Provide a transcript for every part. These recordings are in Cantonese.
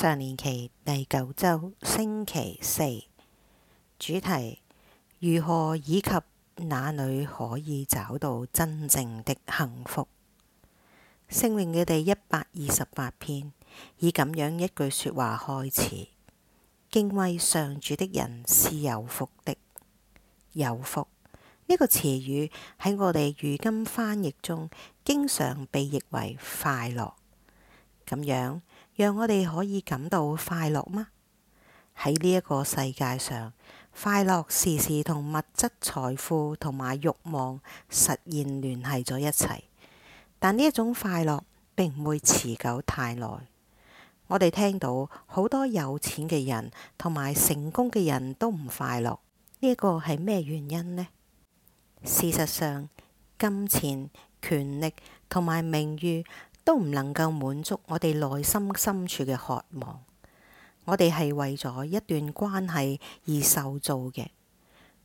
常年期第九周星期四，主題如何以及哪裡可以找到真正的幸福？聖詠嘅第一百二十八篇，以咁樣一句說話開始：敬畏上主的人是有福的。有福呢、這個詞語喺我哋如今翻譯中，經常被譯為快樂，咁樣。讓我哋可以感到快樂嗎？喺呢一個世界上，快樂時時同物質財富同埋慾望實現聯繫咗一齊，但呢一種快樂並唔會持久太耐。我哋聽到好多有錢嘅人同埋成功嘅人都唔快樂，呢一個係咩原因呢？事實上，金錢、權力同埋名譽，都唔能夠滿足我哋內心深處嘅渴望。我哋係為咗一段關係而受造嘅，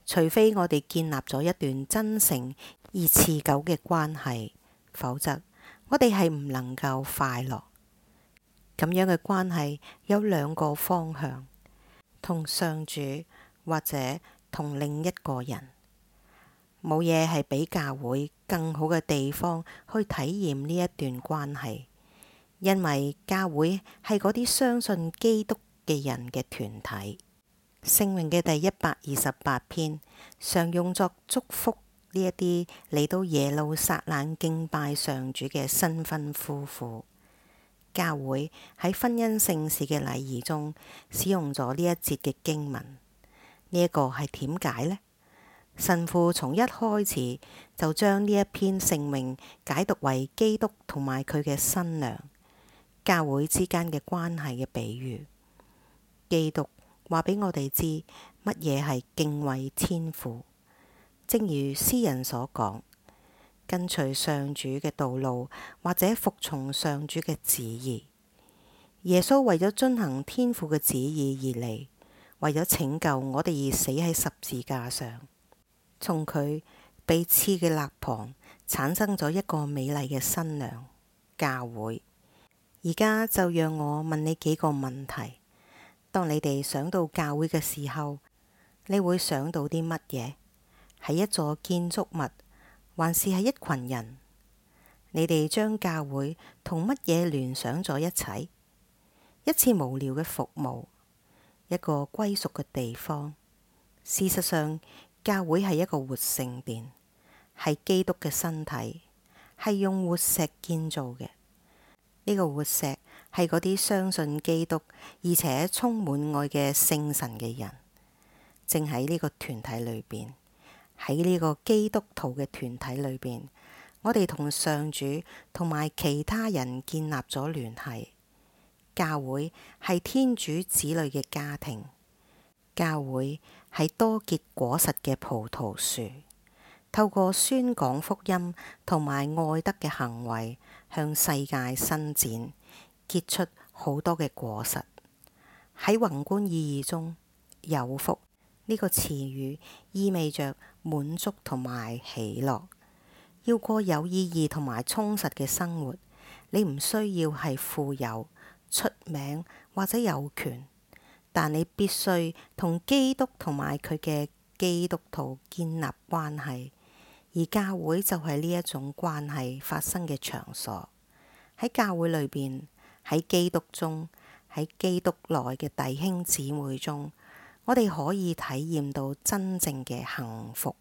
除非我哋建立咗一段真誠而持久嘅關係，否則我哋係唔能夠快樂。咁樣嘅關係有兩個方向，同上主或者同另一個人。冇嘢係比教會更好嘅地方去體驗呢一段關係，因為教會係嗰啲相信基督嘅人嘅團體。聖詠嘅第一百二十八篇常用作祝福呢一啲嚟到耶路撒冷敬拜上主嘅新婚夫婦。教會喺婚姻聖事嘅禮儀中使用咗呢一節嘅經文，呢一個係點解呢？神父從一開始就將呢一篇聖詠解讀為基督同埋佢嘅新娘，教會之間嘅關係嘅比喻。基督話俾我哋知乜嘢係敬畏天父，正如詩人所講，跟隨上主嘅道路，或者服從上主嘅旨意。耶穌為咗遵行天父嘅旨意而嚟，為咗拯救我哋而死喺十字架上。從佢被刺嘅肋旁產生咗一個美麗嘅新娘教會。而家就讓我問你幾個問題：當你哋想到教會嘅時候，你會想到啲乜嘢？係一座建築物，還是係一群人？你哋將教會同乜嘢聯想咗一齊？一次無聊嘅服務，一個歸屬嘅地方。事實上，教會係一個活聖殿，係基督嘅身體，係用活石建造嘅。呢、這個活石係嗰啲相信基督而且充滿愛嘅聖神嘅人，正喺呢個團體裏邊，喺呢個基督徒嘅團體裏邊，我哋同上主同埋其他人建立咗聯繫。教會係天主子女嘅家庭。教會係多結果實嘅葡萄樹，透過宣講福音同埋愛德嘅行為向世界伸展，結出好多嘅果實。喺宏觀意義中，有福呢個詞語意味着滿足同埋喜樂。要過有意義同埋充實嘅生活，你唔需要係富有、出名或者有權。但你必須同基督同埋佢嘅基督徒建立關係，而教會就係呢一種關係發生嘅場所。喺教會裏邊，喺基督中，喺基督內嘅弟兄姊妹中，我哋可以體驗到真正嘅幸福。